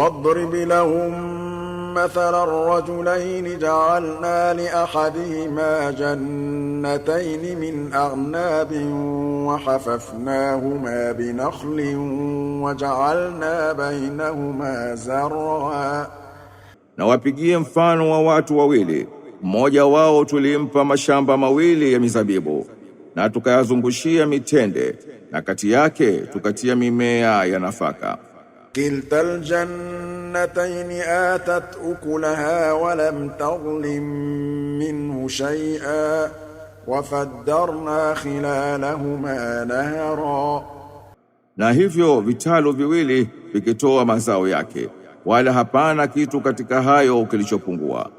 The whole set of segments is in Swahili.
واضرب لهم مثلا الرجلين جعلنا لأحدهما جنتين من أعناب وحففناهما بنخل وجعلنا بينهما زرعا na wapigie mfano wa watu wawili mmoja wao tulimpa mashamba mawili ya mizabibu na tukayazungushia mitende na kati yake tukatia mimea ya nafaka كلتا الجنتين آتت أكلها ولم تظلم منه شيئا وفدرنا خلالهما نهرا na hivyo vitalu viwili vikitoa mazao yake wala hapana kitu katika hayo kilichopungua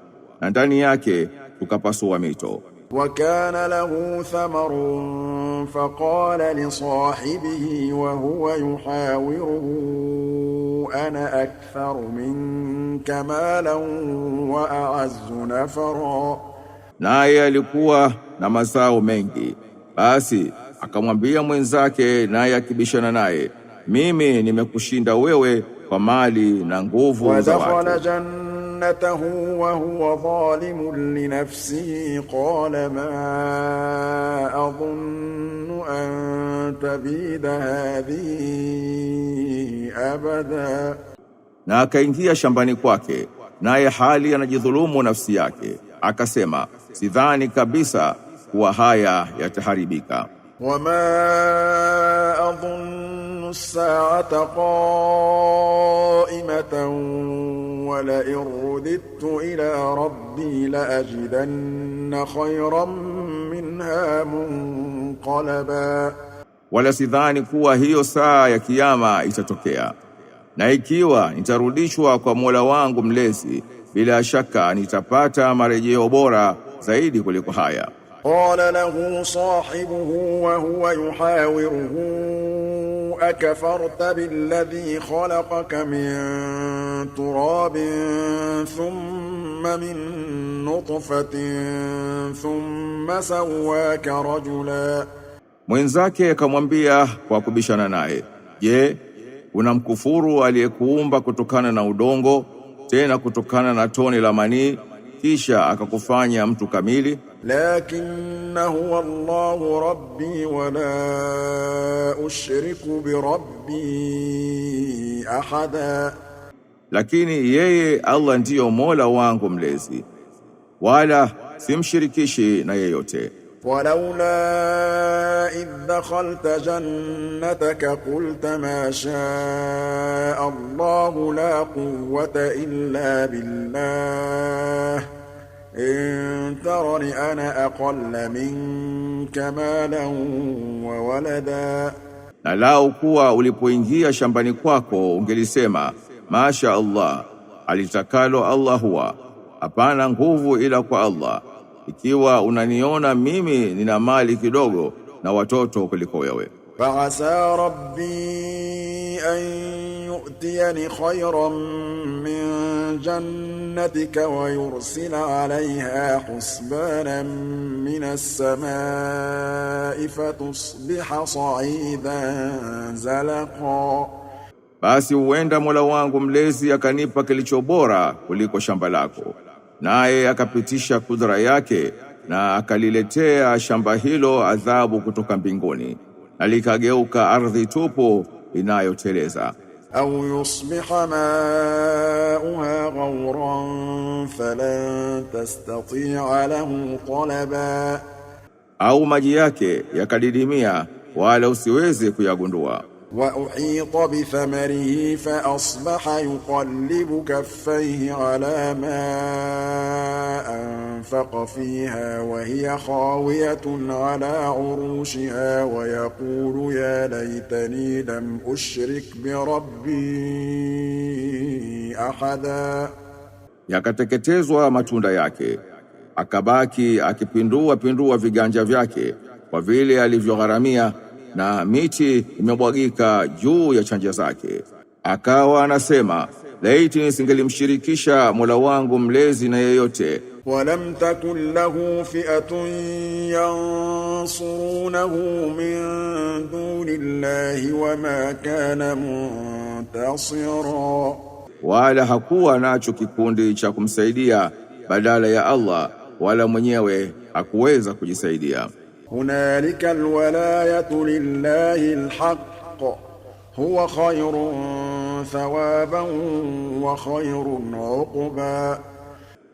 na ndani yake tukapasua mito وكان له ثمر فقال لصاحبه وهو يحاوره أنا أكثر منك مالا وأعز نفرا naye alikuwa na mazao mengi basi akamwambia mwenzake naye akibishana naye mimi nimekushinda wewe kwa mali na nguvu za watu جنته وهو ظالم لنفسه قال ما أن تبيد هذه abada, na akaingia shambani kwake, naye hali anajidhulumu nafsi yake, akasema sidhani kabisa kuwa haya yataharibika. wama adhunnu as-sa'ata qa'imatan wala irudittu ila rabbi la ajidanna khayran minha mun qalaba, wala sidhani kuwa hiyo saa ya kiyama itatokea. Na ikiwa nitarudishwa kwa Mola wangu mlezi, bila shaka nitapata marejeo bora zaidi kuliko haya. Qala lahu sahibuhu wa huwa yuhawiruhu akafarta billadhi khalaqaka min تراب ثم من نطفة ثم سواك رجلا mwenzake akamwambia kwa kubishana naye je unamkufuru aliyekuumba kutokana na udongo tena kutokana na tone la manii kisha akakufanya mtu kamili lakinna huwa Allahu rabbi wa la ushriku bi rabbi ahada lakini yeye Allah ndiyo Mola wangu mlezi, wala simshirikishi na yeyote. walaula idh dakhalta jannataka qulta ma shaa Allah la quwwata illa billah in tarani ana aqalla minka malan wa walada, na lau kuwa ulipoingia shambani kwako ungelisema Masha Allah, alitakalo Allah huwa, hapana nguvu ila kwa Allah. Ikiwa unaniona mimi nina mali kidogo na watoto kuliko wewe, faasa rabbi an yu'tiyani khayran min jannatika wa yursila alayha husbanan min as-samaa'i fatusbiha sa'idan zalaqa basi huenda Mola wangu mlezi akanipa kilicho bora kuliko shamba lako, naye akapitisha kudra yake na akaliletea shamba hilo adhabu kutoka mbinguni, na likageuka ardhi tupu inayoteleza. Au yusbiha mauha ghauran falan tastati'a lahu talaba, au maji yake yakadidimia wala usiweze kuyagundua. وأحيط بثمره فأصبح يقلب كفيه على ما أنفق فيها وهي خاوية على عروشها ويقول يا ليتني لم أشرك بربي أحدا yakateketezwa matunda yake akabaki akipindua pindua viganja vyake kwa vile alivyogharamia na miti imebwagika juu ya chanja zake. Akawa anasema laiti nisingelimshirikisha Mola wangu mlezi na yeyote. walam takun lahu fi'atun yansurunahu min llahi wama kana muntasira, wala hakuwa nacho kikundi cha kumsaidia badala ya Allah, wala mwenyewe hakuweza kujisaidia. هنالك الولاية لله الحق هو خير ثوابا وخير عقبا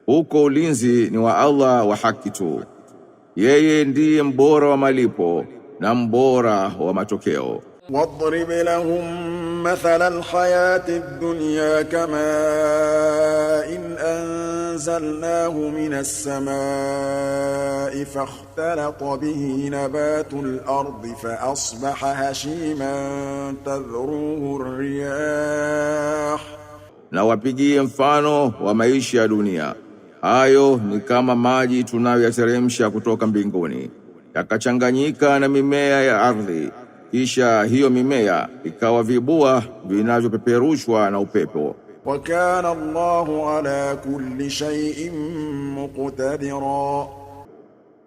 Huko ulinzi ni wa Allah wa haki tu. Yeye ndiye mbora wa malipo na mbora wa matokeo. Wadrib lahum مثل الحياة الدنيا كما إن أنزلناه من السماء فاختلط به نبات الأرض فأصبح هشيما تذروه الرياح na wapigie mfano wa maisha ya dunia hayo ni kama maji tunayoyateremsha kutoka mbinguni yakachanganyika na mimea ya ardhi kisha hiyo mimea ikawa vibua vinavyopeperushwa na upepo. wa kana Allahu ala kulli shay'in muqtadira,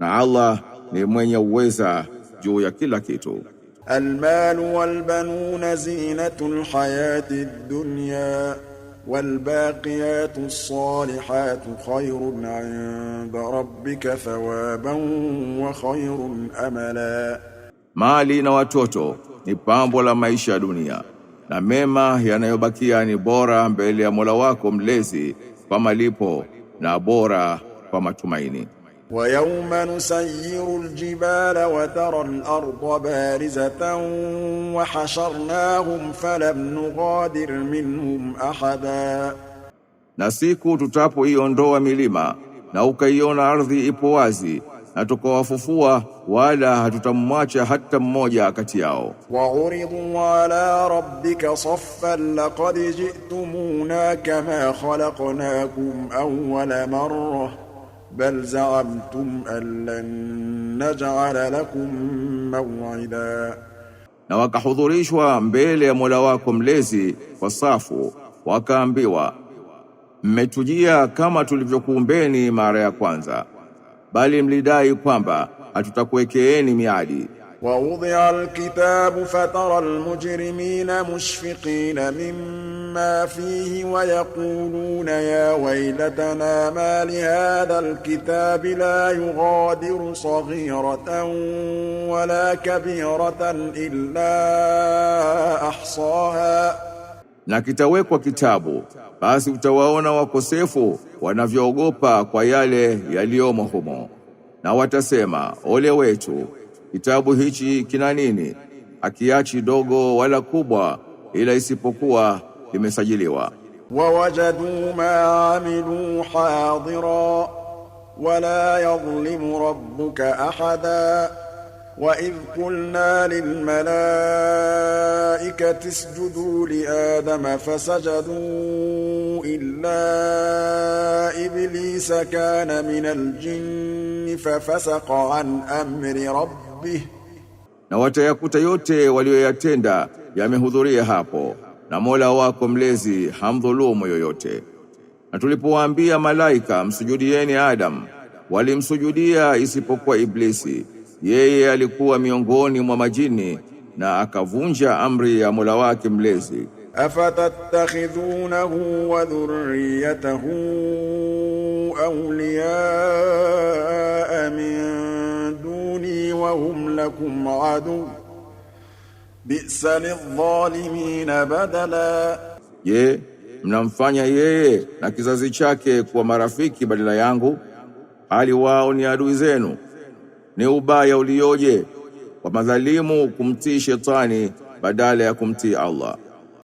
na Allah ni mwenye uweza juu ya kila kitu. almal walbanun zinatul hayatid dunya walbaqiyatu ssalihatu khayrun 'inda rabbika thawaban wa khayrun amala mali na watoto ni pambo la maisha ya dunia, na mema yanayobakia ni bora mbele ya Mola wako mlezi kwa malipo na bora kwa matumaini. wa yawma nusayyiru aljibala wa tara al-ardha barizatan wa hasharnahum falam nughadir minhum ahada, na siku tutapoiondoa milima na ukaiona ardhi ipo wazi hatukawafufua wala hatutamwacha hata mmoja kati yao. wa uridhu ala rabbika saffan laqad ji'tumuna kama khalaqnakum awwala marra bal za'amtum an lan naj'ala lakum maw'ida, na wakahudhurishwa mbele ya Mola wako mlezi kwa safu, wakaambiwa mmetujia kama tulivyokuumbeni mara ya kwanza bali mlidai kwamba hatutakuwekeeni miadi ووضع الكتاب فترى المجرمين مشفقين مما فيه ويقولون يا ويلتنا ما لهذا الكتاب لا يغادر صغيرة ولا كبيرة إلا أحصاها na kitawekwa kitabu, basi utawaona wakosefu wanavyoogopa kwa yale yaliyomo humo, na watasema ole wetu, kitabu hichi kina nini? Akiachi dogo wala kubwa, ila isipokuwa limesajiliwa. Wawajadu ma amilu hadira wala yadhlimu rabbuka ahada وإذ قلنا للملائكة اسجدوا لآدم فسجدوا إلا إبليس كان من الجن ففسق عن أمر ربه na watayakuta yote walioyatenda yamehudhuria hapo na Mola wako mlezi hamdhulumu yoyote na tulipowaambia malaika msujudieni Adam walimsujudia isipokuwa Iblisi yeye alikuwa miongoni mwa majini na akavunja amri ya Mola wake mlezi. afatattakhidhunahu wa dhurriyyatahu awliyaa min duni wa hum lakum adu bisa lidh-dhalimin badala, je, mnamfanya yeye na kizazi chake kuwa marafiki badala yangu hali wao ni adui zenu? Ni ubaya ulioje kwa madhalimu kumtii shetani badala ya kumtii Allah.